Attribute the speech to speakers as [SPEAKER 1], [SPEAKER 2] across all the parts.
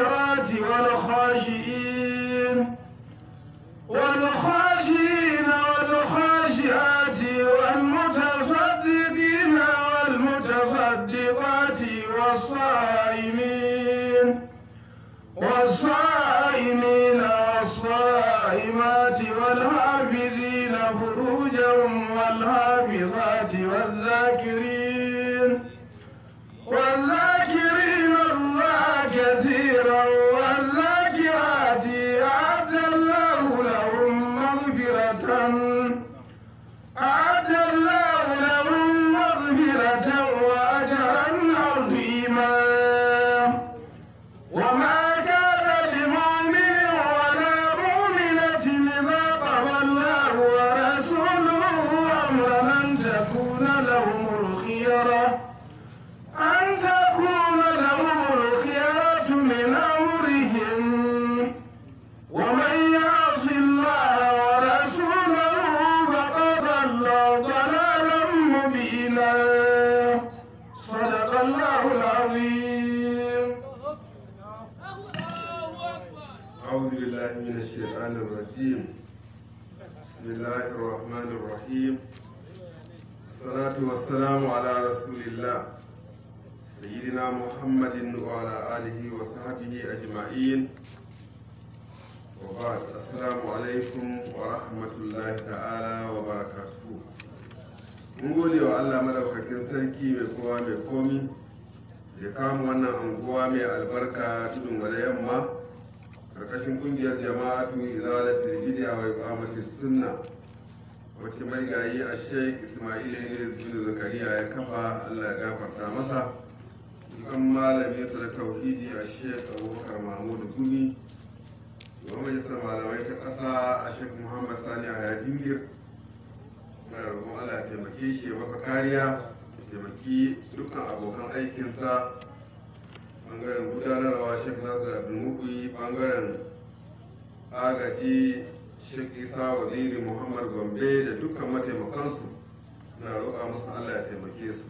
[SPEAKER 1] برب One
[SPEAKER 2] وبعد alaikum wa rahmatullahi ta'ala wa barakatuhu mun gode wa Allah madaukakin sarki mai kowa mai komi da kama wannan anguwa mai albarka tudun wada yamma karkashin kungiyar jama'atu izalat dirbidiya wa iqamati sunna wacce mai gayi a sheik ismail ne zakariya ya kafa Allah ya gafarta masa kan malami da tauhidi a sheik abubakar mahmud gumi ya majalisar malamai ta ƙasa a shek muhammad sani a yajin gir na allah ya taimake shi ya maka kariya ya taimaki dukkan abokan aikinsa bangaren gudanarwa shek nasir abdulmukuyi bangaren agaji shek isa waziri muhammad gombe da dukkan mataimakansu na roƙa musu allah ya taimake su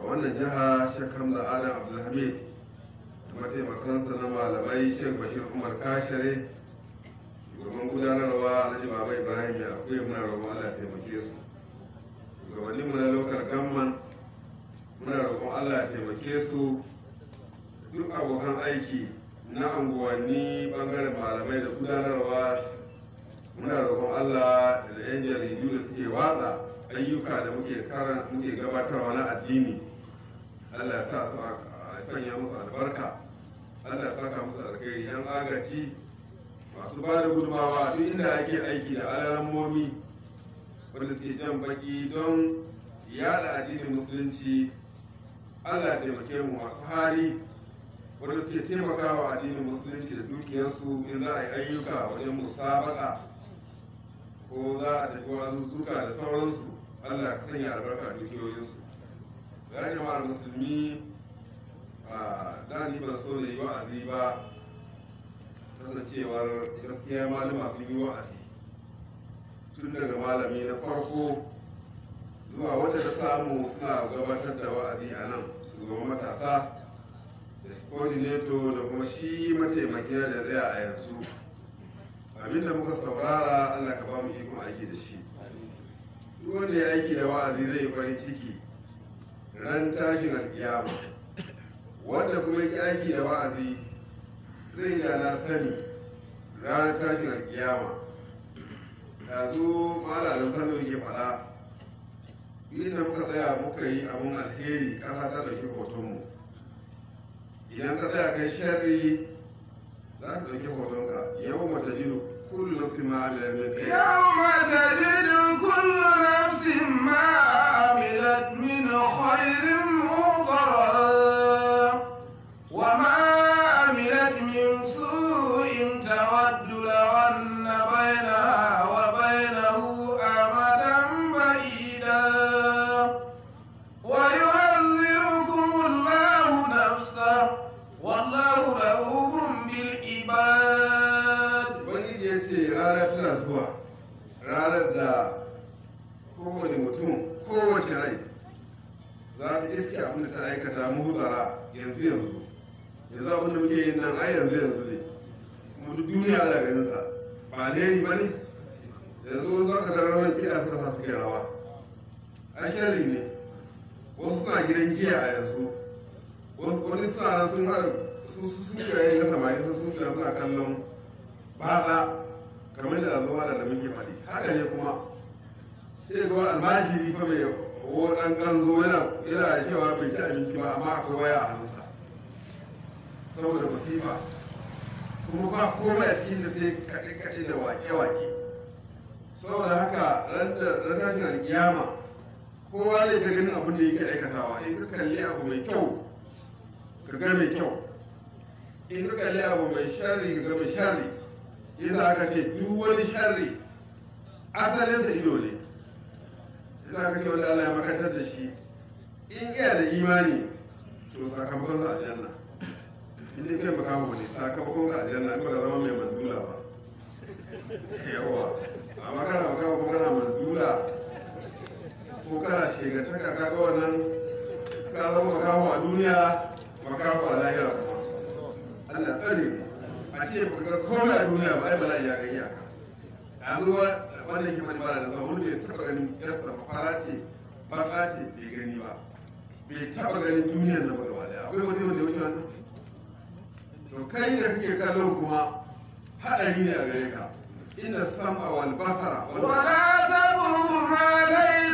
[SPEAKER 2] a wannan jiha shek hamza adam abdulhamid mataimakansa na malamai shek bashir umar kashtare shugaban gudanarwa alhaji baba ibrahim ya akwai muna roƙon allah taimake su shugabannin mu na lokar gamman muna roƙon allah taimake su duk abokan aiki na unguwanni bangaren malamai da gudanarwa muna roƙon allah da yan jaridu da suke watsa ayyuka da muke gabatarwa na addini allah ya sa su a sanya musu albarka allah ya saka musu yan agaji masu ba da gudunmawa su inda ake aiki da alamomi wanda suke jan baki don yada addinin musulunci allah taimake mu masu hali wanda suke taimakawa addinin musulunci da dukiyarsu in za a yi ayyuka wajen musabaka ko za a tafi wasu zuka da sauransu allah ka sanya albarka dukiyoyinsu ya jama'ar musulmi da ni ban so na yi wa'azi ba kasancewar gaskiya malama sun yi wa'azi tun daga malami na farko zuwa wata ta samu suna gabatar da wa'azi a nan shugaban matasa da coordinator da kuma shi mataimakin da zai a yanzu abinda muka saurara allah ka ba mu ikon aiki da shi wanda ya aiki da wa'azi zai farin ciki ran tashin alkiyama wanda kuma ya aiki da wa'azi zai da na sani ranar tashin alkiyama zo malamin fannin ke faɗa inda muka tsaya muka yi abin alheri ƙasa ta dauki hotonmu idan ka tsaya kai sharri za ka dauki hotonka yau mata jiru
[SPEAKER 1] kullu nafsi ma amilat min yau mata jiru kullu nafsi ma amilat min khairin muqarrar
[SPEAKER 2] gidan giya a yanzu wani suna sun har su sun kiyaye na samari sun sun kiyaye suna kallon baza kamar da zuwa da da muke faɗi haka ne kuma sai ga almajiri fa mai ko dan zo yana yana cewa bai ci abinci ba amma akwai waya a hannunsa saboda musifa kuma ba komai a cikin da sai kaɗe kace da wake-wake saboda haka ran da tashin alkiyama kowa zai ta ganin abin da yake aikatawa in ka kalli abu mai kyau ka ga mai kyau in ka kalli abu mai sharri ka ga mai sharri yadda aka ce duk wani sharri ta ido ne yadda aka ce wanda Allah ya makantar da shi in iya da imani to sakamakon a janna in kai baka mu ne sakamakon sa aljanna ko da zama mai mandula ba yawa a kana baka mu kana mandula ko kana shegantaka ka ga wannan ka zama makaho a duniya makaho a lahira kuma Allah tsare a ce ba ga komai a duniya ba ai bala'i ya gayya a ruwa wannan hikimar ba da zama wanda ya taɓa ganin yasa fara ce baka ce bai gani ba bai taɓa ganin duniyar nan ba gaba akwai wani wanda ya wuce to kai da kake kallo kuma haɗari ne a gare ka inda sam'a wal basara wala
[SPEAKER 1] taqum ma laysa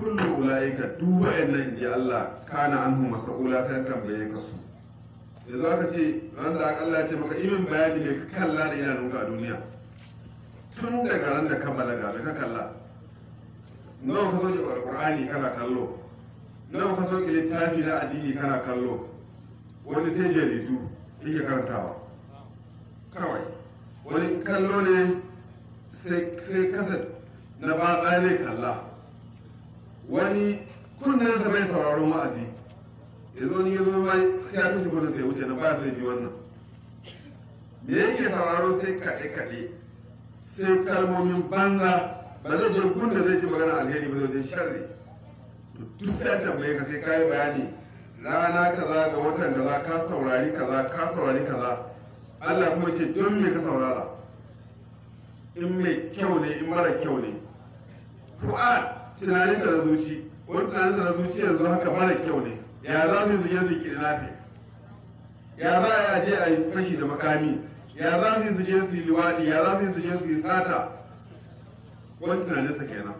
[SPEAKER 2] kullu ulaika duk wa'annan ji Allah kana anhu Ula ta tambaye ka su yanzu aka ce ran da Allah ce maka imin bayani ne ka kalla da idanunka a duniya tun daga ran da ka balaga da ka kalla nawa ka soke alkur'ani kana kallo nawa ka soke littafi na addini kana kallo wani sai jaridu kike karantawa kawai wani kallo ne sai kasar na ba zai kalla wani kunnen sa bai sauraron wa'azi yanzu ni yanzu mai ya tafi gudun zai wuce na ba zai ji wannan me yake sauraron sai kaɗe-kaɗe sai kalmomin banza ba zai je da zai ji magana alheri ba zai ji sharri duk ta tambaye ka sai kayi bayani rana kaza ga watan kaza ka saurari kaza ka saurari kaza Allah kuma ce don me ka saurara in mai kyau ne in mara kyau ne Qur'an tunanin sa zuci wani tunanin sa zuci yanzu haka mara kyau ne ya za mu zuje zuke na ne ya za a je a yi fashi da makami ya za mu zuje zuke yi liwati ya za mu zuje zuke yi sata wani tunanin sa kenan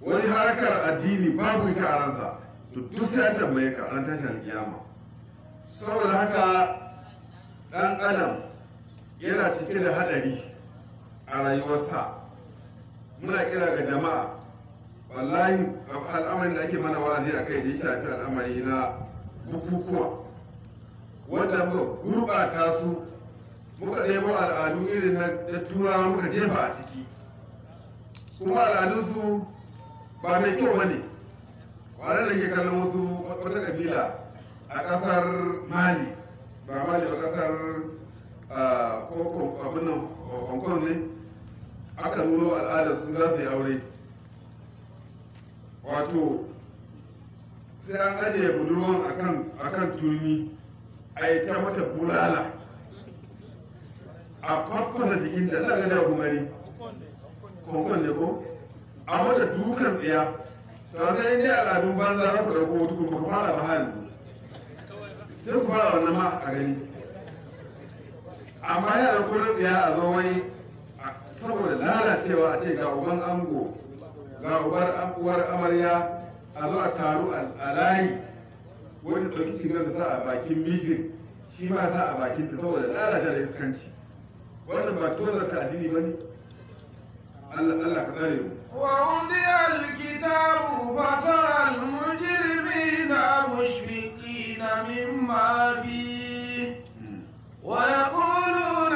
[SPEAKER 2] wani harkar addini babu ita a ransa to duk ta tambaye ka ran tashin kiyama saboda haka dan adam yana cike da hadari a rayuwarsa muna kira ga jama'a wallahi al'amarin da ake mana wazi a kai da ake shafi al'amari na bukukuwa wanda muka gurɓata su muka ɗebo al'adu irin na turawa muka jefa a ciki kuma al'adunsu ba mai kyau ba ne wadanda da ke kallon wasu wata kabila a ƙasar mali ba mali ba ƙasar abin nan hong kong ne aka nuno al'adar za su yi aure wato sai an ajiye budurwan a kan turmi a yi ta mata bulala a farkonsa jikinta ta ga gumari kumari kwankwan da ko a mata dukan tsaya ta sai ne al'adun banza za ku ɗauko dukkan kuma fara ba hali sai ku fara wannan ma a gani amma yana kuma tsaya a zo wai saboda lalacewa a ce ga uban ango ga uwar amarya a zo a taru a layi wani ɗauki cikin sa a bakin mijin shi ba sa a bakin ta saboda lalata da iskanci wannan ba tozar ta addini ba ne Allah ka tsare mu
[SPEAKER 1] wa wudiya alkitabu fa tara almujrimina mushfiqina mimma fi hmm. wa yaquluna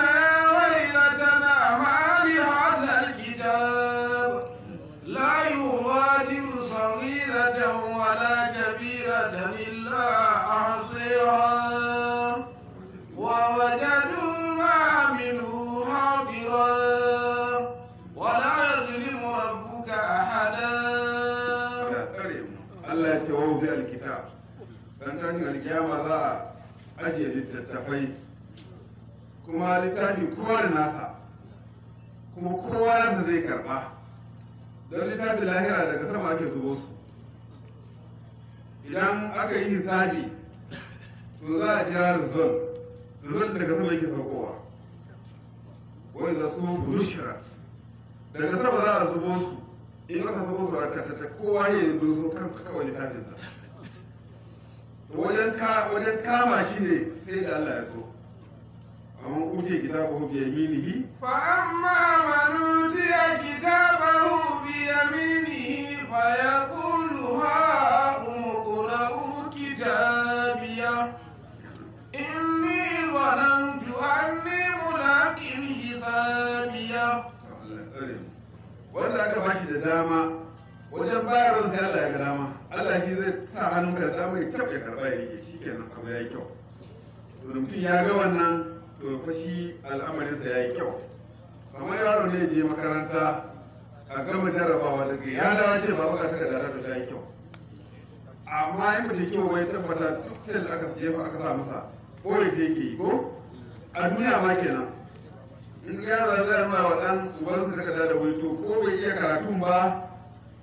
[SPEAKER 2] littattafai kuma littafi kowa da nasa kuma kowa nasa zai karba don littafin lahira daga sama ake zuwa su idan aka yi hisabi to za a jira rizon rizon daga sama yake saukowa za su bushirat daga sama za a zuwa su in aka zubo su a tattata kowa ya yi dozo kansa kawai littafinsa wajen kama shi ne sai da Allah ya so amma uke kitabahu bi yaminihi
[SPEAKER 1] fa amma man utiya kitabahu bi yaminihi fa yaqulu ha umqra'u kitabiya inni zalamtu anni mulaqin hisabiya
[SPEAKER 2] wanda aka bashi da dama wajen bayarwar sai Allah ya ga dama Allah shi zai sa hannun karta mai kyau ya karba ya rike shi kenan abu ya yi kyau to mutum ya ga wannan to fa shi al'amarin sa ya yi kyau kamar yaro ne je makaranta a gama jarrabawa daga ya dawo ce ba baka takarda ta ta yi kyau amma in ba ta kyau bai tabbata duk fil aka jefa aka sa masa ko ya je ke ko a duniya ma kenan in yaro zai nuna wa dan ubansa takarda da wuri to ko bai iya karatun ba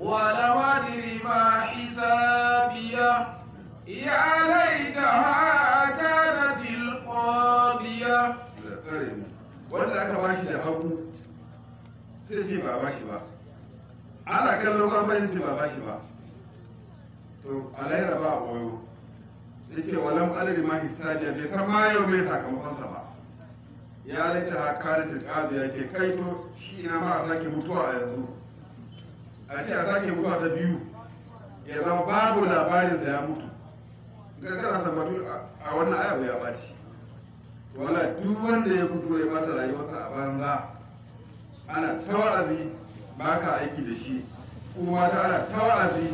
[SPEAKER 1] ولم أدر ما حسابيه يا ليتها كانت القاضية
[SPEAKER 2] wanda aka bashi da hagu sai ce ba bashi ba ana kallon kamfanin ce ba bashi ba to alayyar ba a boyo ya ce walam alari ma hisabiya bai san ma yau mai sakamakonsa ba ya laita hakarin tilkazu ya ce kai to shi ina ma a sake mutuwa a yanzu a ce a sake mutuwa ta biyu ya zama babu labarin da ya mutu ga kana a wannan ayabu ya baci wala duk wanda ya fito ya bata rayuwarsa a banza ana tawazi ba ka aiki da shi kuma ta ana tawazi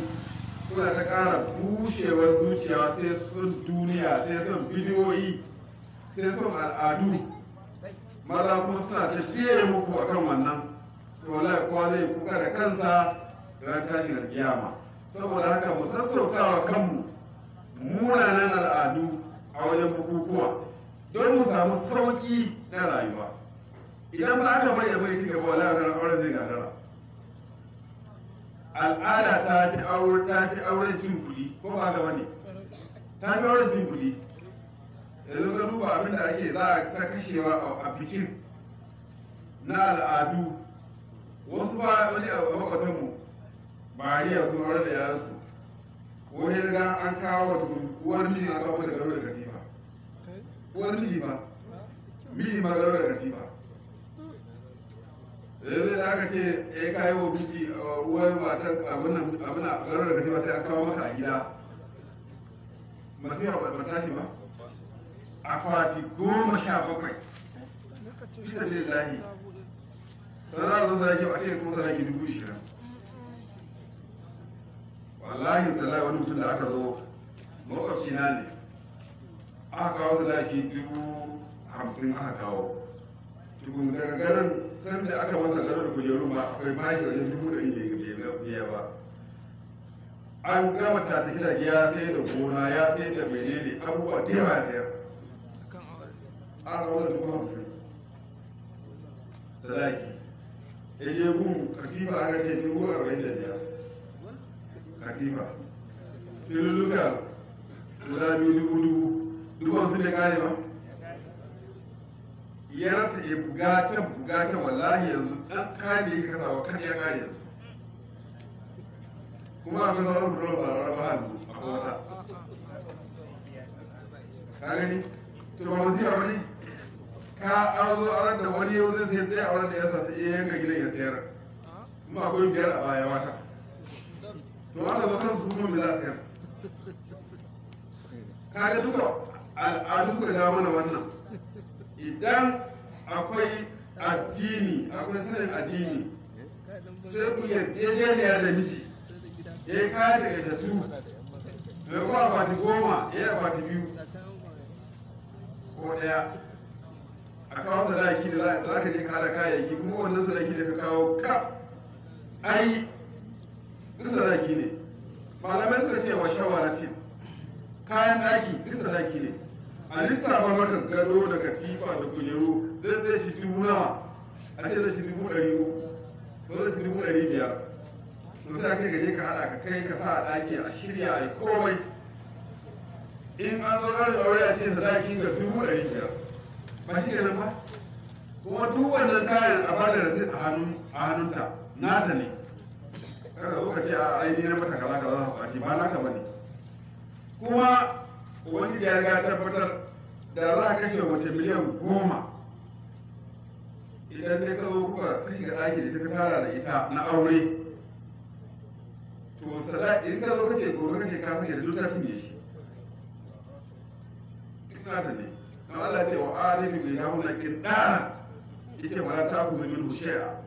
[SPEAKER 2] kuna ta kara bushewar zuciya sai sun duniya sai sun bidiyoyi sai sun al'adu maza kuma suna ta muku akan wannan to wala kowa zai kuka da kansa ran tashi da kiyama saboda haka mu sassautawa kanmu munanan al'adu a wajen bukukuwa don mu samu sauki na rayuwa idan ba aka bari mai ci gaba wala ran auren zai gagara al'ada ta fi auren ta fi auren cin kuɗi ko ba bane ta fi auren cin kuɗi yanzu ka duba abin da ake za a ta kashewa a bikin na al'adu wasu ba wani a mu mariya kuma da ya zo ya riga an kawo uwar miji a kawo da garo da katifa uwar miji ba miji ma garo da katifa yanzu da aka ce ya kayo wa miji uwar matar abin a garo da katifa sai an kawo mata a gida masu yawa ba a ba akwati goma sha bakwai
[SPEAKER 1] bisa da zahi
[SPEAKER 2] ta za a zo zaki a cikin kuma zaki dubu shida wallahi a wani mutum da aka zo makwabci na ne aka kawo sadaki dubu hamsin aka kawo dubu daga sun da aka masa da kujeru ma akwai da wajen dubu da inda biya ba an gama ta gidaje ya sai da gona ya sai da menene abubuwa da yawa A aka masa dubu hamsin sadaki ya je gun katifa aka ce dubu arba'in da biyar katifa Za guda biyu dubu dubu dubu hamsin da ne ba ya rasa ya bugata bugatan wallahi yanzu dan kadi ya kasa wa kan ya kare yanzu kuma an sauran buron barara ba hannu a kowata kare to ba mu zira wani ka an zo a da wani yau zai tsaye a wani da ya sa sai ya yanka gidan ya tsayar kuma akwai biyar a baya wata to haka zo kan bugun da kaga duka al'adu suka ja wannan idan akwai addini akwai sanin addini sai ku yarjejeniya da miji ya kaya da yardatu mai kuma akwati goma ya yi akwati biyu ko daya a kawo sadaki da za ka je ka hada kayayyaki kuma wannan sadaki da ka kawo kaf ai duk sadaki ne malamai suka cewa shawara ce. kayan ɗaki duk sadaki ne a lissafa mata gado da katifa da kujeru zai zai shi juna a ce zai shi dubu ɗari uku ko zai shi dubu ɗari biyar to sai a gaje ka haɗa ka kai ka sa a daki a shirya a yi komai in an zo da aure a ce cikin sadaki ga dubu ɗari biyar ba shi kenan ba kuma duk wannan kayan a bada da a hannunta nata ne Kar ka zo kada lokaci a ainihin mata kaza kaza za su ake ba naka bane kuma wani ya riga tabbatar da za a kashe mace miliyan goma idan ta kazo kuka kai ga ɗaki da ta tara da ita na aure to sada in ka zo ka ce gobe kace ka kace da ta sun shi ina da ne don Allah ce wa alihi bi hawla kidana yace wala ta ku min shay'a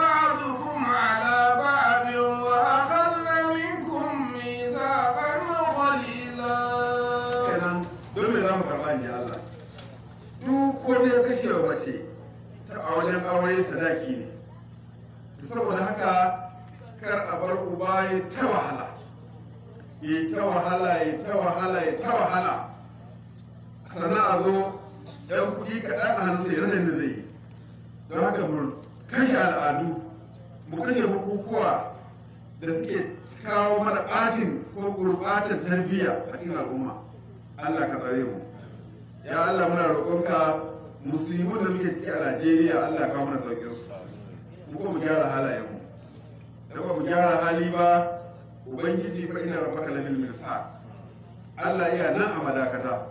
[SPEAKER 2] a wajen aure sadaki ne saboda haka kar a bar uba ya ta wahala ya ta wahala ya ta wahala ya ta wahala sannan a zo yan kudi kaɗan a hannunsa ya zai zai yi don haka mu kashe al'adu mu kashe hukukuwa da suke kawo mana ɓatin ko gurɓatan tarbiyya a cikin al'umma allah ka tsare mu ya allah muna roƙonka musulmi da muke ciki a najeriya allah kawo mana saukin su muka mu gyara halayen mu da ba mu gyara hali ba ubangiji fa ina rabbaka labil misa allah iya nan a madakata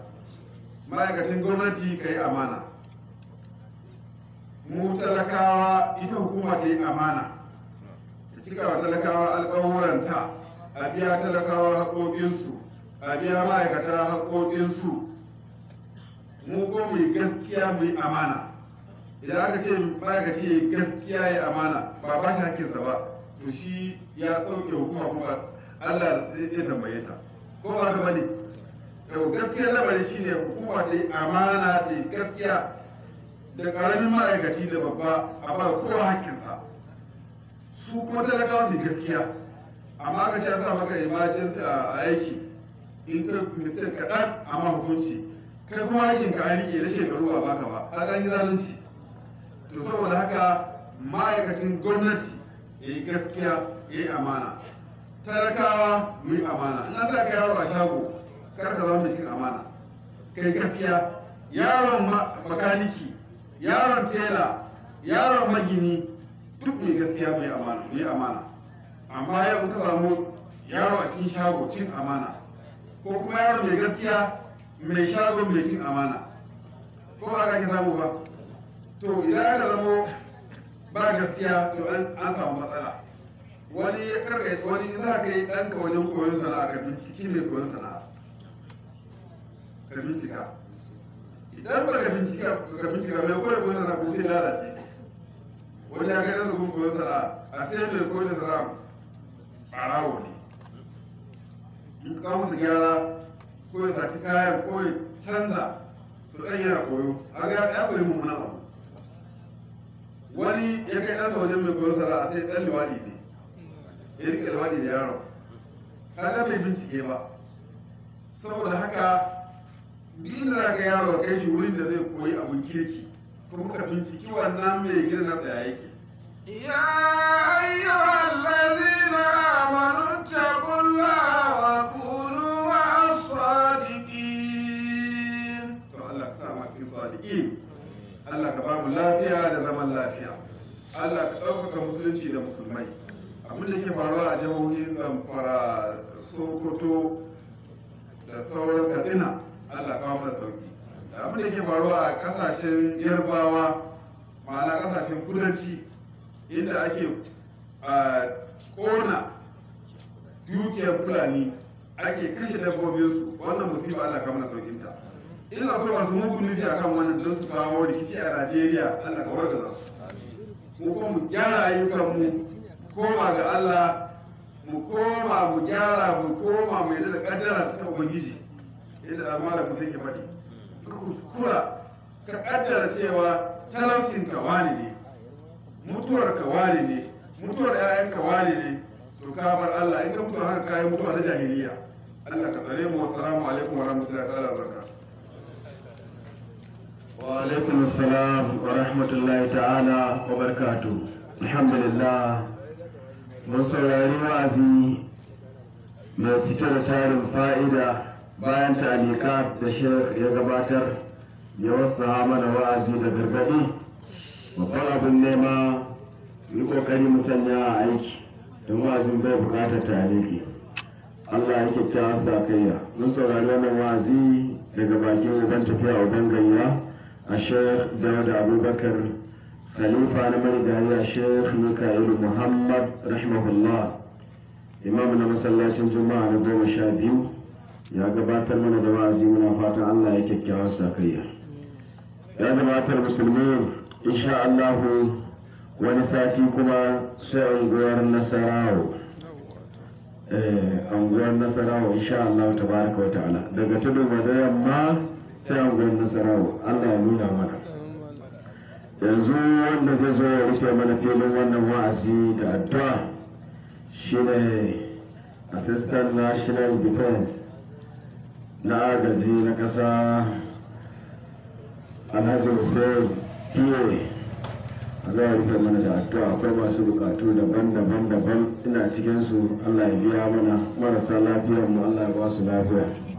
[SPEAKER 2] ma'aikatan gwamnati ka yi amana mu talakawa ita hukuma ta yi amana ta cika wa talakawa alƙawuranta a biya talakawa haƙoƙinsu a biya ma'aikata haƙoƙinsu mu ko mu gaskiya mai amana idan aka ce ba ka ce gaskiya ya amana ba ba shi hakkinsa ba to shi ya sauke hukuma kuma Allah zai tambaye ta ko ba ta bane to gaskiya lamarin shine hukuma ta yi amana ta gaskiya da karamin ma'aikaci da babba a ba kowa hakkinsa su kuma talakawa su gaskiya amma ka ce sa maka emergency a aiki in ka mutum kaɗan amma hukunci kai kuma rashin ka an da na shekaru ba baka ba har an yi zalunci to saboda haka ma'aikacin gwamnati ya yi gaskiya ya yi amana talakawa mu yi amana ina za sa ka yaro a shago kar ka zama cikin amana kai gaskiya yaron makaniki yaron tela yaron magini duk mai gaskiya mai amana amana amma yau ka samu yaro a cikin shago cin amana ko kuma yaron mai gaskiya mai shagon mai cin amana ko ba ka samu ba to idan aka zamo ba gaskiya to an samu matsala wani ya karka wani za ka yi ɗanka wajen koyon sana'a ka binciki mai koyon sana'a ka bincika idan ba ka bincika ka bincika mai koyon koyon sana'a ko sai lalace wani ya kai nasa kuma koyon sana'a a sai mai koyon sana'a rawo ne in ka musu gyara ko tafi kayan ko canza to ɗan yana koyo a ga ya koyi mummuna abu wani ya kai ɗansa wajen mai koyo sana'a sai ɗan liwaɗi ne ya riƙe liwaɗi da yaro ka kaga mai bincike ba saboda haka duk da za ka yaro kai shi wurin da zai koyi abin kirki kuma ka binciki wannan mai girna da yake
[SPEAKER 1] ya ayyuhal ladina
[SPEAKER 2] Allah ka bamu lafiya da zaman lafiya Allah ka ɗaukaka musulunci da musulmai abin da ke faruwa a jihohin zamfara sokoto da sauran katsina Allah ka bamu sauki abin da ke faruwa a kasashen yarbawa ma'ana kasashen kudanci inda ake kona dukiyar fulani ake kashe dabbobinsu wannan musiba Allah ka mana saukinta in akwai masu mugun nufi a kan wannan don su kawo rikici a najeriya allah ka warga nasu mu kuma mu gyara ayyukanmu koma ga allah mu koma mu gyara mu koma mu yadda da kaddara ta ubangiji yadda amara mu take faɗi kuskura ka kaddara cewa talaucin ka wani ne mutuwar ka wani ne mutuwar 'ya'yan ka wani ne to ka bar Allah in ka mutu har kayan mutuwa ta jahiliya Allah ka tsare mu wa salamu alaikum wa rahmatullahi wa barakatuh wa alaikum
[SPEAKER 3] wa rahmatullahi ta'ala wa barakatu alhamdulillah mun saurari wa'azi mai cike da tarin fa'ida bayan talika da shir gabatar ya wasu mana wa'azi da gargaɗi babban abin nema yi ƙoƙari musanya a aiki don wa'azin bai buƙatar taliki Allah ya kyakkyawar sa kaiya mun saurari wannan wa'azi daga bakin uban tafiya uban gayya a abubakar الشيخ داود أبو بكر خليفة المرجعية الشيخ ميكائيل imam رحمه masallacin juma'a na جماعة sha biyu ya gabatar mana da wa'azi muna fatan Allah ya kyakkyawar sakayya ya gabatar musulmi insha Allahu wani sati kuma sai unguwar eh, unguwar nasarawo insha Allah tabaraka wa ta'ala daga tudu da yamma shagon nasarawa allah ya nuna mana yanzu wanda zai zo ya rufe mana filin wannan wa'azi da addu'a shine assistant national defense na agaji na ƙasa alhaji hussein piyo za a rufe mana da addu'a akwai masu bukatu daban-daban daban ina cikinsu allah ya biya mana marasa lafiyar mu allah ya ba su lafiya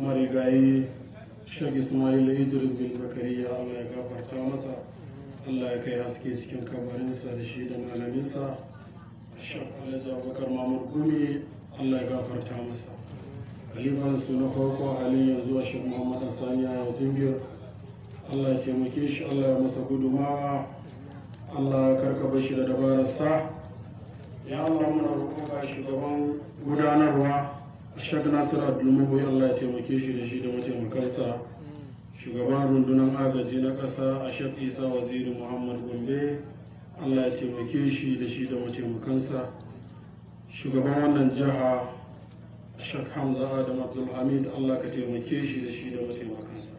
[SPEAKER 4] marigayi shek ismail idris bin zakariya allah ya gafarta masa allah ya kai haske cikin kabarinsa da shi da malaminsa shek alhaji abubakar mamur gumi allah ya gafarta masa halifansu suna farko halin yanzu a shek muhammad asaniya ya zingir allah ya taimake shi allah ya masa gudumawa allah ya karkaba shi da dabararsa ya allah muna roƙo ga shugaban gudanarwa ashadu nasiru abdulmuhu allah ya taimake shi da shi da mataimakansa shugaban rundunar agaji na ƙasa a shaf isa waziri muhammad gombe allah ya taimake shi da shi da mataimakansa shugaban wannan jiha shaf hamza adam abdulhamid allah ka taimake shi da shi da mataimakansa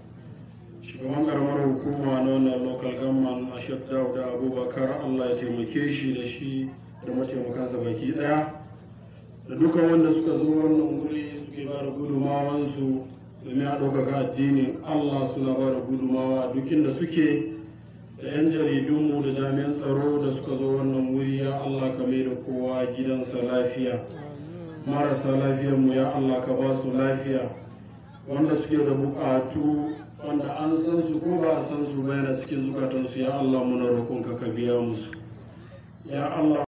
[SPEAKER 4] shugaban karamar hukuma na wannan local government a shaf da abubakar allah ya taimake shi da shi da mataimakansa baki ɗaya da duka wanda suka zo wannan wuri suke ba da gudumawansu domin a ɗaukaka addinin allah suna ba da gudumawa dukin da suke da 'yan jaridunmu da jami'an tsaro da suka zo wannan wuri ya allah ka mai da kowa gidansa lafiya marasa lafiyarmu ya allah ka ba su lafiya wanda suke da buƙatu wanda an san su ko ba a san su bayan da suke zukatansu ya allah muna roƙonka ka biya musu ya allah